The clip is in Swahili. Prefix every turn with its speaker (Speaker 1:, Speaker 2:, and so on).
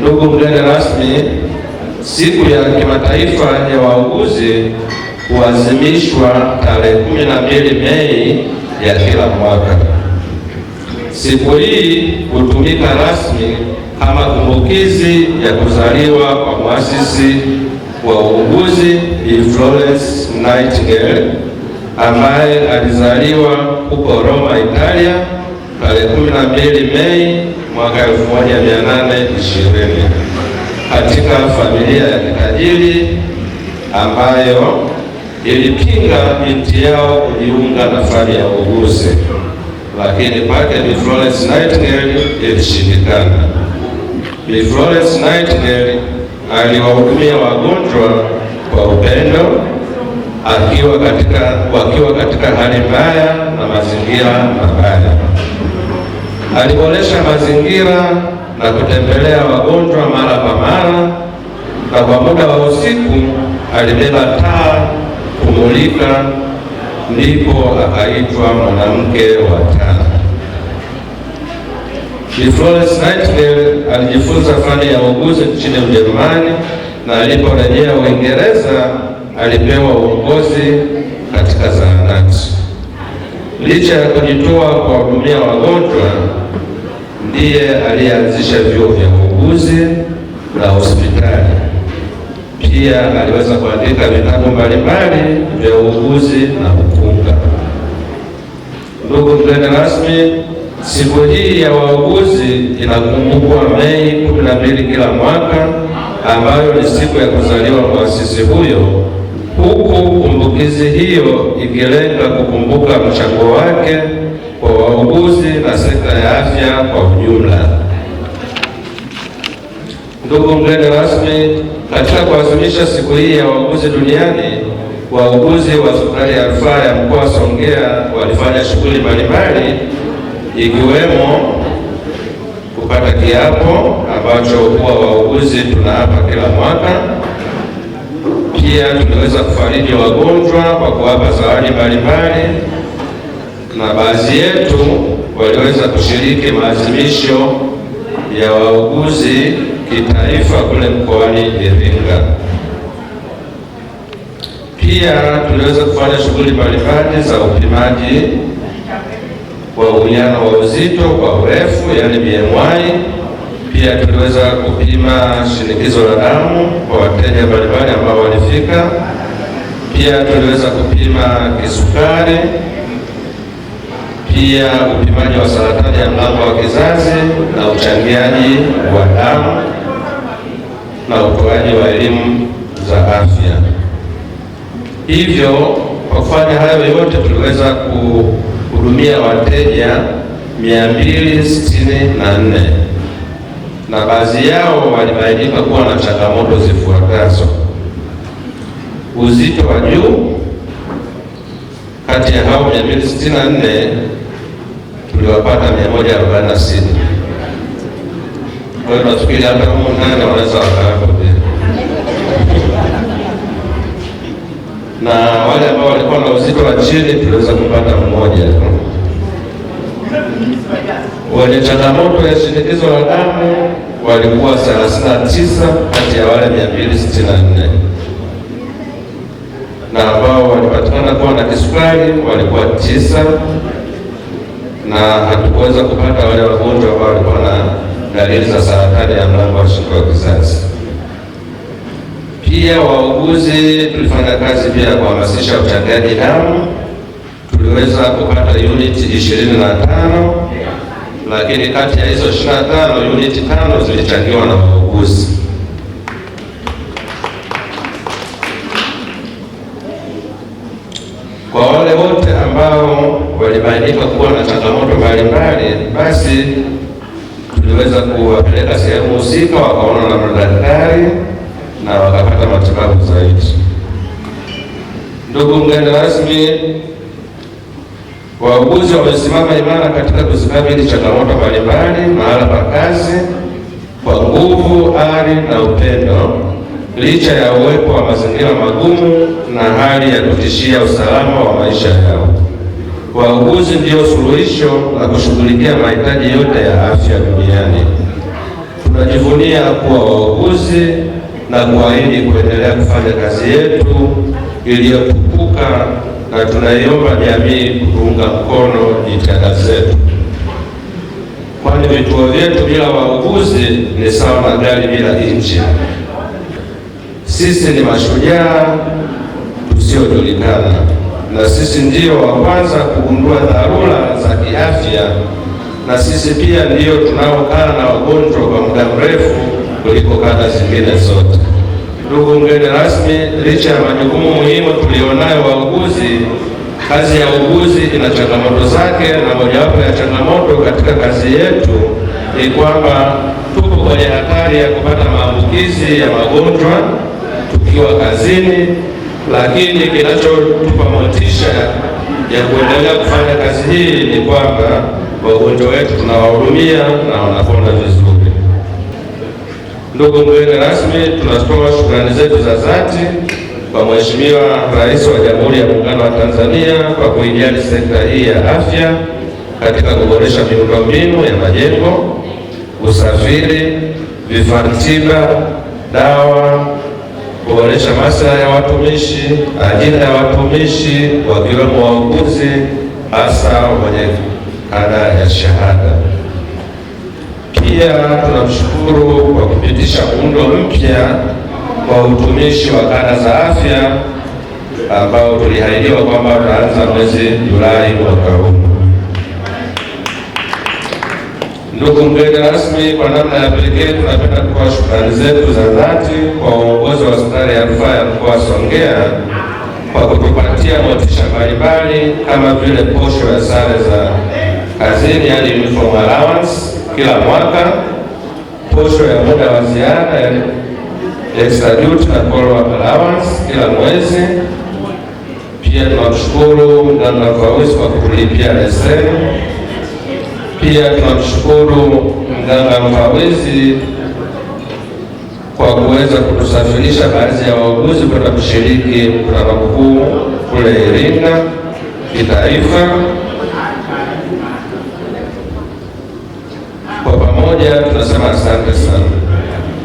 Speaker 1: Ndugu mgeni rasmi, siku ya kimataifa ya wauguzi kuazimishwa tarehe 12 Mei ya kila mwaka. Siku hii hutumika rasmi kama kumbukizi ya kuzaliwa kwa mwasisi wa uuguzi Bi Florence Nightingale ambaye alizaliwa huko Roma, Italia tarehe 12 Mei mwaka 1820 katika familia ya kitajiri ambayo ilipinga binti yao kujiunga na fani ya uuguzi, lakini kwake Bi Florence Nightingale ilishindikana. Bi Florence Nightingale aliwahudumia wagonjwa kwa upendo akiwa katika wakiwa katika hali mbaya na mazingira mabaya aliboresha mazingira na kutembelea wagonjwa mara kwa mara, na kwa muda wa usiku alibeba taa kumulika, ndipo akaitwa mwanamke wa taa. Bi Florence Nightingale alijifunza fani ya uuguzi nchini Ujerumani na aliporejea Uingereza alipewa uongozi katika zahanati. Licha ya kujitoa kwa hudumia wagonjwa ndiye aliyeanzisha vyuo vya uuguzi na hospitali. Pia aliweza kuandika vitabu mbalimbali vya uuguzi na ukunga. Ndugu mgeni rasmi, siku hii ya wauguzi inakumbukwa Mei kumi na mbili kila mwaka, ambayo ni siku ya kuzaliwa mwasisi huyo, huku kumbukizi hiyo ikilenga kukumbuka mchango wake kwa wauguzi katika sekta ya afya kwa ujumla. Ndugu mgeni rasmi, katika kuadhimisha siku hii ya wauguzi duniani, wauguzi wa hospitali ya rufaa ya mkoa wa Songea walifanya shughuli mbalimbali ikiwemo kupata kiapo ambacho huwa wauguzi tunaapa kila mwaka. Pia tumeweza kufariji wagonjwa kwa kuwapa zawadi mbalimbali, na baadhi yetu waliweza kushiriki maazimisho ya wauguzi kitaifa kule mkoani Iringa. Pia tuliweza kufanya shughuli mbalimbali za upimaji wa uwiano wa uzito kwa urefu, yaani BMI. Pia tuliweza kupima shinikizo la damu kwa wateja mbalimbali ambao walifika. Pia tuliweza kupima kisukari pia upimaji wa saratani ya mlango wa kizazi na uchangiaji wa damu na utoaji wa elimu za afya. Hivyo kwa kufanya hayo yote, tuliweza kuhudumia wateja 264 na baadhi yao walibainika kuwa na changamoto zifuatazo: uzito wa juu. Kati ya hao 264 tuliwapata 146. Kwa hiyo nafikiri hata huko ndani wanaweza wakawekwa mbele, na wale ambao walikuwa na uzito wa chini tuliweza kupata mmoja. Wenye changamoto ya shinikizo la damu walikuwa 39 kati ya wale 264 na ambao walipatikana kuwa na kisukari walikuwa tisa na hatukuweza kupata wale wagonjwa ambao walikuwa na dalili za saratani ya mlango wa shingo ya kizazi. Pia wauguzi tulifanya kazi pia ya kuhamasisha uchangiaji damu, tuliweza kupata uniti ishirini na tano lakini kati ya hizo 25 uniti tano zilichangiwa na wauguzi. Kwa wale wote ambao walibainika kuwa na changamoto mbalimbali, basi tuliweza kuwapeleka sehemu husika, wakaona na madaktari na wakapata matibabu zaidi. Ndugu mgeni rasmi, wauguzi wamesimama imara katika kuzikabili changamoto mbalimbali mahala pa kazi kwa nguvu, ari na upendo, licha ya uwepo wa mazingira magumu na hali ya kutishia usalama wa maisha yao. Wauguzi ndio suluhisho la kushughulikia mahitaji yote ya afya duniani. Tunajivunia kuwa wauguzi na kuahidi kuendelea kufanya kazi yetu iliyotukuka, na tunaiomba jamii kuunga mkono jitihada zetu, kwani vituo vyetu bila wauguzi ni sawa na gari bila injini. Sisi ni mashujaa tusiojulikana na sisi ndio wa kwanza kugundua dharura za kiafya, na sisi pia ndiyo tunaokaa na wagonjwa kwa muda mrefu kuliko kata zingine zote. Ndugu mgeni rasmi, licha ya majukumu muhimu tulionayo wauguzi, kazi ya uuguzi ina changamoto zake, na mojawapo ya changamoto katika kazi yetu ni kwamba tuko kwenye hatari ya kupata maambukizi ya magonjwa tukiwa kazini lakini kinachotupa motisha ya kuendelea kufanya kazi hii ni kwamba wagonjwa wetu tunawahudumia na wanapona vizuri. Ndugu mgeni rasmi, tunatoa shukrani zetu za dhati kwa Mheshimiwa Rais wa Jamhuri ya Muungano wa Tanzania kwa kuijali sekta hii ya afya katika kuboresha miundombinu ya majengo, usafiri, vifaa tiba, dawa kuboresha maslahi ya watumishi, ajira ya watumishi wakiwemo wauguzi, hasa wenye ada ya shahada. Pia tunamshukuru kwa kupitisha muundo mpya kwa utumishi wa kada za afya ambao tulihaidiwa kwamba tutaanza mwezi Julai mwaka huu. Ndugu mgeni rasmi, kwa namna ya pekee tunapenda kutoa shukrani zetu za dhati kwa uongozi wa hospitali ya rufaa ya mkoa wa Songea kwa kutupatia motisha mbalimbali kama vile posho ya sare za kazini, yaani uniform allowance kila mwaka, posho ya muda wa ziada yaani extra duty na follow-up allowance kila mwezi. Pia tunamshukuru mganga Fauzi kwa kulipia leseni pia tunamshukuru mganga Mfawidhi kwa kuweza kutusafirisha baadhi ya wauguzi kwenda kushiriki mkutano mkuu kule Iringa kitaifa. Kwa pamoja tunasema asante sana.